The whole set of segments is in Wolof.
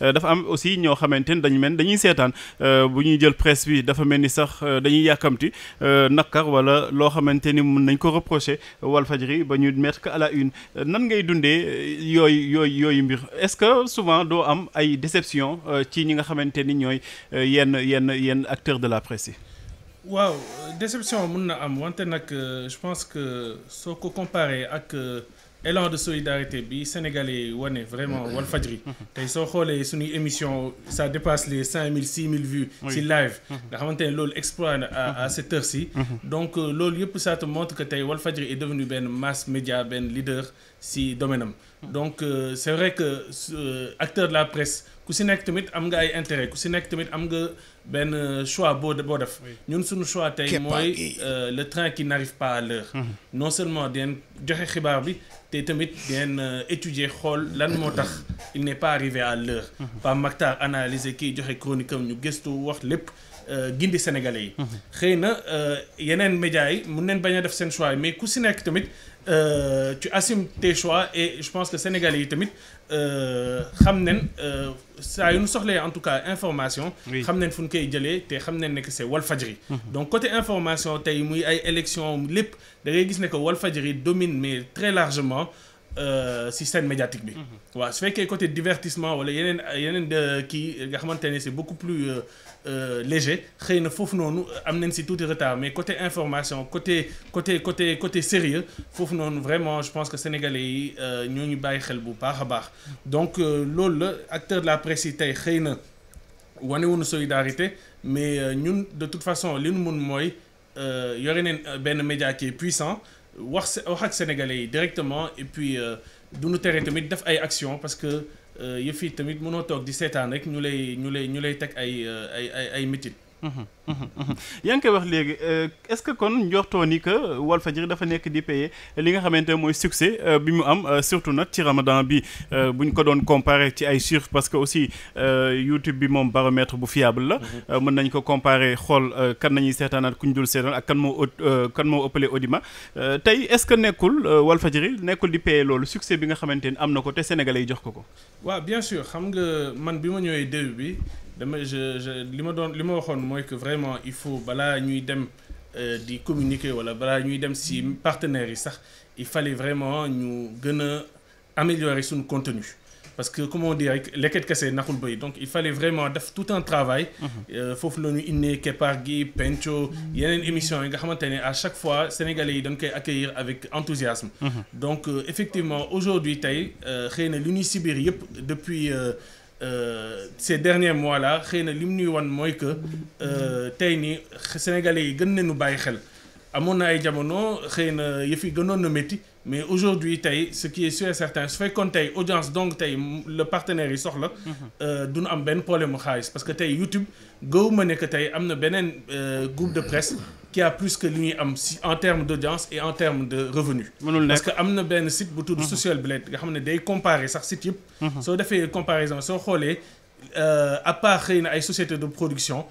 Euh, dafa am aussi ñoo xamante ni dañu mel dañuy seetaan euh, bu ñuy jël presse bi dafa mel ni sax euh, dañuy yàkkamti nakar wala loo xamante ni mun nañ ko reprocher Walfadjri ba ñu mettre que à la une nan ngay dundee yooyu yooyu yooyu mbir est-ce que souvent doo am ay déception ci ñi nga xamante ni ñooy yenn yenn yenn acteurs de la presse yi waaw déception mun na am wante nag je pense que soo ko comparé ak élan de solidarité bi sénégalais yi wane vraiment Walfadjri tey soo xoolee suñuy émission ça dépasse les cinq mille six mille vues si live mm-hmm. nga xamante ne loolu exploit na à cette heure mm-hmm. donc euh, loolu yëpp ça te montre que tey Walfadjri est devenu benn mass média benn leader si domaine am mm-hmm. donc euh, c'est vrai que euh, acteur de la presse ku si nekk tamit am nga ay intéret ku si nekk tamit am nga benn choix boo boo def ñun suñu choix tey mooy euh, le train qui n'arrive pas à l'heure mhm. non seulement deen joxe xibaar bi te tamit deen euh, étudier xool lan moo tax il n'est pas arrivé à l'heure mhm. Pape Makhtar analyser kii joxe chronique ñu gëstu wax lépp euh, gindi sénégalais yi mhm. xëy na yeneen médias yi mun nañ bañ def seen choix mais ku si nekk tamit tu assumes tes choix et je pense que sénégalais yi tamit xam nañ saa yu nu soxlee en tout cas information. xam nañ fu ñu koy jëlee te xam nañ ne que c'est Walfadjri. Mhm. donc côté information tey muy ay élection lépp da ngay gis ne que Walfadjri domine mais très largement. si euh, système médiatique bi. Mhm. waaw su fekkee côté divertissement wala yeneen yeneen kii nga xamante ne c'est beaucoup plus euh, euh, léger xëy na foofu noonu am nañ si tuuti retard mais côté information côté côté côté côté sérieux foofu noonu vraiment je pense que sénégalais yi ñoo ñu bàyyi xel bu baax a baax. donc loolu la acteur de la presse yi tey xëy na wane wuñu solidarité mais ñun de toute façon li nu mun mooy yore neen benn média qui est puissant. wax wax ak sénégalais yi directement et puis euh, du nu teree tamit def ay action parce que euh, yëf yi tamit mënoo toog di seetaan rek ñu lay ñu lay ñu lay teg ay euh, ay ay ay métit Mhm, mhm, mhm. yaa ngi koy wax léegi euh, est-ce que kon njortoo ni que Walfadjri dafa nekk di payer li nga xamante mooy succès euh, bi mu am euh, surtout nag ci Ramadan bi bu ñu ko doon comparer ci ay chiffres parce que aussi YouTube bi moom baromètre bu fiable la. mën nañ ko comparer xool kan nañuy seetaanaat ku ñu dul seetaan ak kan moo kan moo ëppale ma tey est-ce que nekkul Walfadjri nekkul di payer loolu succès bi nga xamante ni am na ko te sénégalais yi jox ko ko. waaw bien sûr xam nga bi ma ñëwee début bi. dama li ma doon li ma waxoon mooy que vraiment i faut balaa ñuy dem euh, di communiquer wala balaa ñuy dem si partenaires yi sax i fallait vraiment ñu gën a améliorer suñu contenu parce que comment dire rek lekket kese naxul bay donc i fallait vraiment def tout un travail. Mhm. Euh, foofu la ñu innee keppaar gi penco. Mhm. yeneen émission yi nga xamante ne à chaque fois sénégalais yi dañ koy accueillir avec enthousiasme. Mhm. donc euh, effectivement aujourd'hui tey xëy na lu ñuy subir yëpp depuis. Euh, ces derniers mois là xëy na lim nuy wan mooy que euh, tey nii sénégalais yi gën nu bàyyi xel. amoon na ay jamono xëy na yëf fi gënoon na métti mais aujourd'hui tey ce qui est sûr et certain su fekkoon tey audience donc tey le partenaire yi soxla. Mhm. Euh, du ñu am benn problème mu xaalis parce que tey YouTube gëwuma ma nekk tey am na beneen euh, groupe de presse. ki a plus que li ñuy am si en terme d' audience et en terme de revenu parce que am na benn site bu tudd mhm. Social Blade nga xam ne day comparer sax site yëpp mhm. soo defee comparaison soo xoolee euh, à part xëy na ay société de production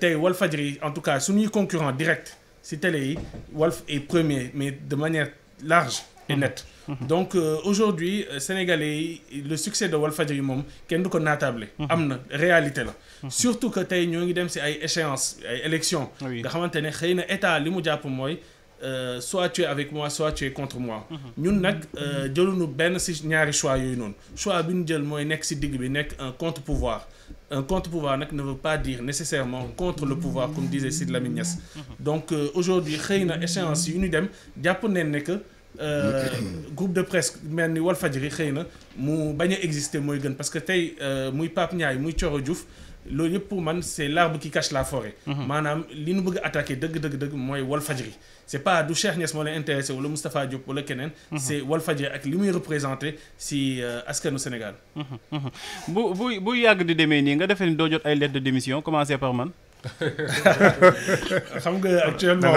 tey Walfadjri en tout cas suñuy concurrent direct si télé yi Walf est premier mais de manière large et nette mhm. donc euh, aujourd'hui euh, sénégalais yi le succès de yi moom kenn du ko naatable mhm. am na réalité la mhm. surtout que tey ñoo ngi dem si ay échéances ay élections nga xamante ne xëy na état li mu jàpp mooy Euh, soit tu avec moi soit tu es contre moi. Mhm. ñun nag mhm. euh, jëluñu benn ci ñaari choix yooyu noonu choix bi ñu jël mooy nekk ci digg bi nekk un contre pouvoir un contre pouvoir nag ne veut pas dire nécessairement contre le pouvoir comme disait Sidy Lamine Niass. Mhm. donc euh, aujourd'hui xëy na échéance yu ñu dem jàpp nañ ne que. Euh, groupe de presque mel ni Walfadjri xëy na mu bañ a exister mooy gën parce que tey muy Pape Ndiaye muy coro Diouf. loolu yëpp pour man c' est l'arbre qui cache la forêt mhm. maanaam li ñu bëgg attaque dëgg dëgg dëgg mooy Walfadjri c' est pas du Cheikh Niass moo leen intéressé wala Moustapha Diop wala keneen mhm. c' est Walfadjri ak li muy représenté si euh, askanu Sénégal mhm, bu bu bu yàgg di demee nii nga defee ni doo jot ay lettre de démission commencé par man xam nga actuellement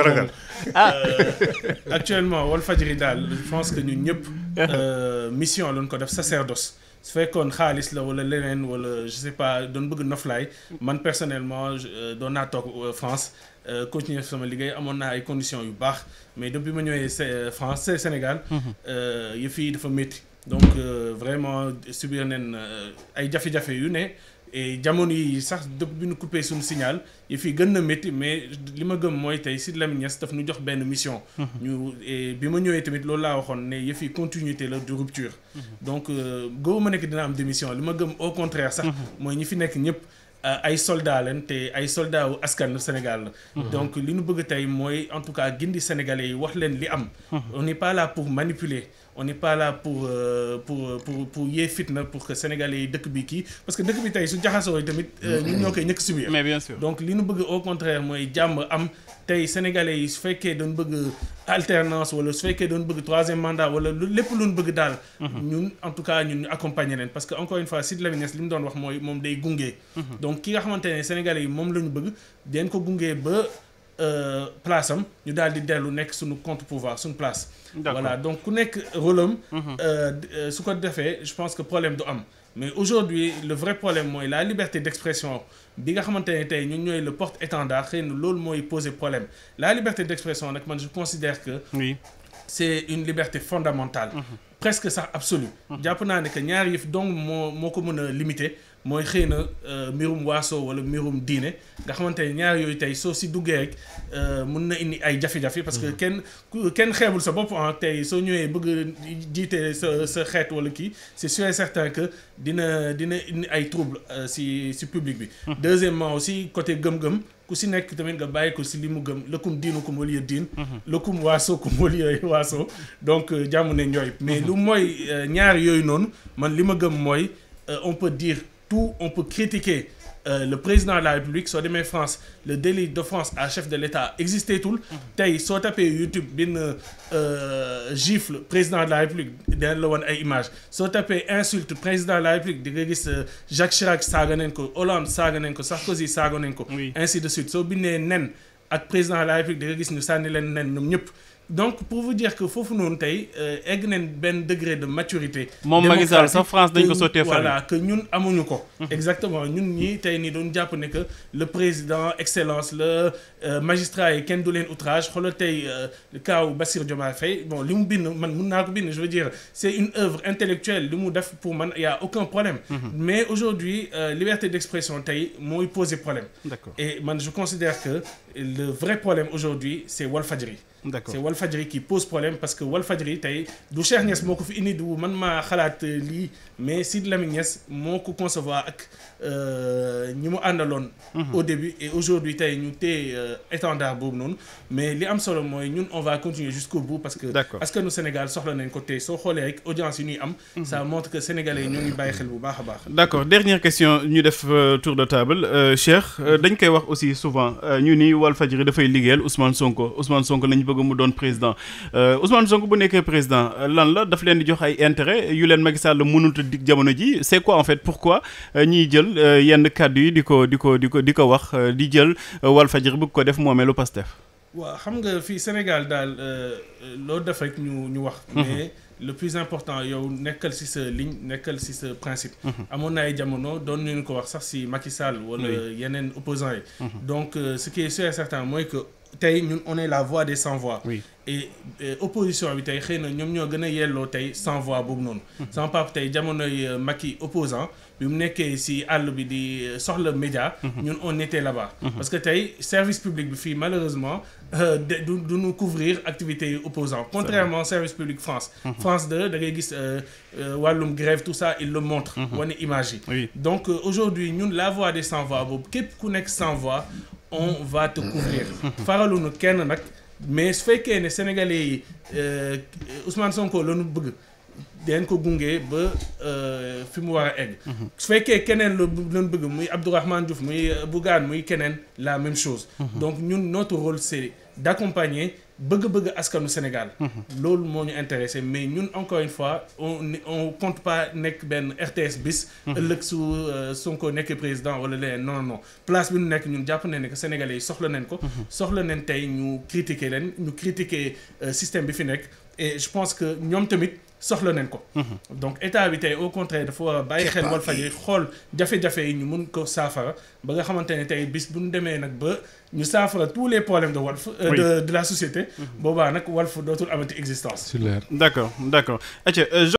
ah euh, actuellement Walfadjri daal je pense que ñun ñëpp euh, mission lañ ko def sacerdoce su fekkoon xaalis la wala leneen wala je sais pas doon bëgg noflaay man personnellement euh, doon naa toog euh, France euh, continuer sama liggéey amoon naa ay conditions yu baax mais depuis ma ñëwee France Sénégal mhm. yëf yi dafa métti donc vraiment subir neen ay jafe-jafe yu ne et jamono yi sax dëpp bi ñu coupé suñu signal yi fii gën na métti mais li ma gëm mooy tey Sidy Lamine Niass daf ñu jox benn mission. Mhm. bi ma ñëwee tamit loolu laa waxoon ne yëf yi continuité la de rupture. Mhm. donc euh, góobu ma nekk dina am démission li ma gëm au contraire sax. Mhm. mooy ñi fi nekk ñëpp. Euh, ay soldats te ay soldats wu askanu Sénégal la. donc li ñu bëgg tey mooy en tout cas gindi sénégalais yi wax leen li am. on n'est pas pour manipuler. on n'est pas là pour euh, pour euh, pour pour yee fitna pour que sénégalais yi dëkk bi kii parce que dëkk bi tey su jaxasoo yi tamit. Euh, ñun ñoo koy ñëkk subir. mais bien donc li ñu bëgg au contraire mooy jàmm am tey sénégalais yi su fekkee doon bëgg alternance wala su fekkee doon bëgg troisième mandat wala lu lépp lu ñu bëgg daal. Mhm. ñun en tout cas ñun ñu accompagner leen parce que encore une fois Sidy Lamine Niasse li mu doon wax moom day gunge. Mhm. donc ki nga xamante ne sénégalais yi moom la bëgg dinañ ko gunge ba. Euh, place am ñu daal di dellu nekk suñu contre pouvoir suñu place. voilà donc ku nekk rôle am. Mhm. Euh, su ko defee je pense que problème du am. mais aujourd'hui le vrai problème la liberté d'expression bi nga xamante ne tey ñun ñooy le porte-étendard xëy na mooy poser problème la liberté d'expression nag man je considère que. c'est une liberté fondamentale. Mhm. presque sax absolue. Mhm. jàpp ne que ñaar yëf donc moo moo ko limiter. mooy xëy na euh, mbirum waaso wala mbirum diine nga xamante ñaar yooyu tey soo si duggee rek euh, mun na indi ay jafe-jafe. parce que mm-hmm. kenn kenn xeebul sa bopp ah tey soo ñëwee bëgg jiite sa sa xeet wala kii c'est sûr et que dina dina indi ay trouble euh, si si public bi. Mm-hmm. deuxièmement aussi côté gëm-gëm. ku si nekk tamit nga bàyyi ko si li mu gëm lëkkum diinu ko waliya diin mm-hmm. lëkkum waasoo ko waliya waaso donc jàmm ne ñooy mais lu mooy ñaar yooyu noonu man li ma gëm mooy on peut dire tout on peut critiquer euh, le président de la République soo demee France le délit d'offense à chef de l'État existeetul tey soo tapee YouTube benn euh, gifle président de la République de la woon ay image soo tapee insulte président de la République di nga gis euh, Jacques Chirac saaga nañ ko Hollande saaga nañ ko Sarkozy saaga nañ ko ainsi de suite soo bindee nen ak président de la République di nga gis ñu sànni leen nen ñoom ñëpp donc pour vous dire que foofu noonu tey euh, egg nañ benn degré de maturité. moom Macky Sall sax dañ ko sottee fan. voilà que ñun amuñu ko. Mhm. exactement ñun ñii tey nii doon jàpp ne que le président excellence le euh, magistrat yi kenn du leen outrage xoolal tey euh, kaaw Bassirou Diomaye Faye bon li mu bind man mun naa ko bind je veux dire c' est une oeuvre intellectuelle li mu def pour man y' a aucun problème. Mhm. mais aujourd'hui liberté d' expression tey mooy poser problème. d' accord et man je considère que le vrai problème aujourd'hui c'est Walfadjri. c'est Walfadjri qui pose problème parce que Walfadjri tey du Cheikh Niass moo ko fi indi du man maa xalaat lii mais Sidy Lamine Niass moo ko concevoir ak euh, ñi mu àndaloon. Mhm. au début et aujourd'hui tey ñu téye euh, étendard boobu noonu mais li am solo mooy ñun on va continuer jusqu'au bout parce que. askanu Sénégal soxla nañ ko tey soo xoolee rek audience yi ñuy am. Mhm. ça montre que sénégalais ñoo ngi bàyyi xel bu baax a baax. d'accord dernière question ñu def euh, tour de table euh, Cheikh mhm. dañ koy wax aussi souvent ñu ni Walfadjri dafay liggéeyal Ousmane Sonko Ousmane Sonko bu nekkee président lan la daf leen di jox ay intérêt yu a dig jamono ji c'est quoi en fait pourquoi kàddu yi di ko di ko di ko di ko wax euh, di jël euh, Walfadjri bëgg ko def moomeelu Pastef waaw xam nga fii Sénégal daal euh, loo def rek ñu ñu wax mhm. mais le plus important yow nekkal ci sa ligne nekkal ci sa principe mhm. amoon na ay jamono doon nañu ko wax sax ci Macky Sall wala yeneen opposants yi mhm. donc ce qui est sûr et mooy que tey ñun on est la voix de sans voix et opposition bi tey xëy na ñoom ñoo gën a yelloo tey sans voix boobu noonu. Hmm. san pape tey jamonoy euh, Macky opposant bi mu nekkee si àll bi di euh, soxla média. Hmm. ñun on était là-bas. Hmm. parce que tey service public bi fii maleureusement euh, du du ñu couvrir activités yi opposant contrairement service public France. France de da ngay gis wàllum grève tout ça il le montre. wane image donc aujourd'hui ñun la voix de sans voix boobu képp ku nekk sans voix on va te couvrir. faraluñu kenn nag. mais su fekkee ne sénégalais yi euh, Ousmane Sonko la bëgg dañ ko gunge ba euh, fi mu war a egg. Mhm. su fekkee keneen la ñu bëgg muy Abdourahmane Diouf muy Bougane muy keneen la même chose. Mhm. donc ñun notre rôle c'est d'accompagner. bëgg-bëgg askanu Sénégal. Mhm. loolu moo ñu intéressé mais ñun encore une fois on on compte pas nekk benn RTS bis. Mhm. ëllëg su euh, Sonko nekk président wala leneen non non place bi ñu nekk ñun jàpp nañ ne que sénégalais soxla nañ ko. Mhm. soxla nañ tey ñu critiquer leen ñu critiquer euh, système bi fi nekk. et je pense que ñoom tamit soxla nañ ko. Mhm. donc état bi tey au contraire dafa a bàyyi xel Walfadjri xool jafe-jafe yi ñu mun ko saafara ba nga xamante ne tey bis bu nu demee nag ba ñu saafara tous les problèmes de Walf. Euh, de de la société. Mhm. boobaa nag Walf dootul amati existence. c'est clair d'accord d'accord. Euh,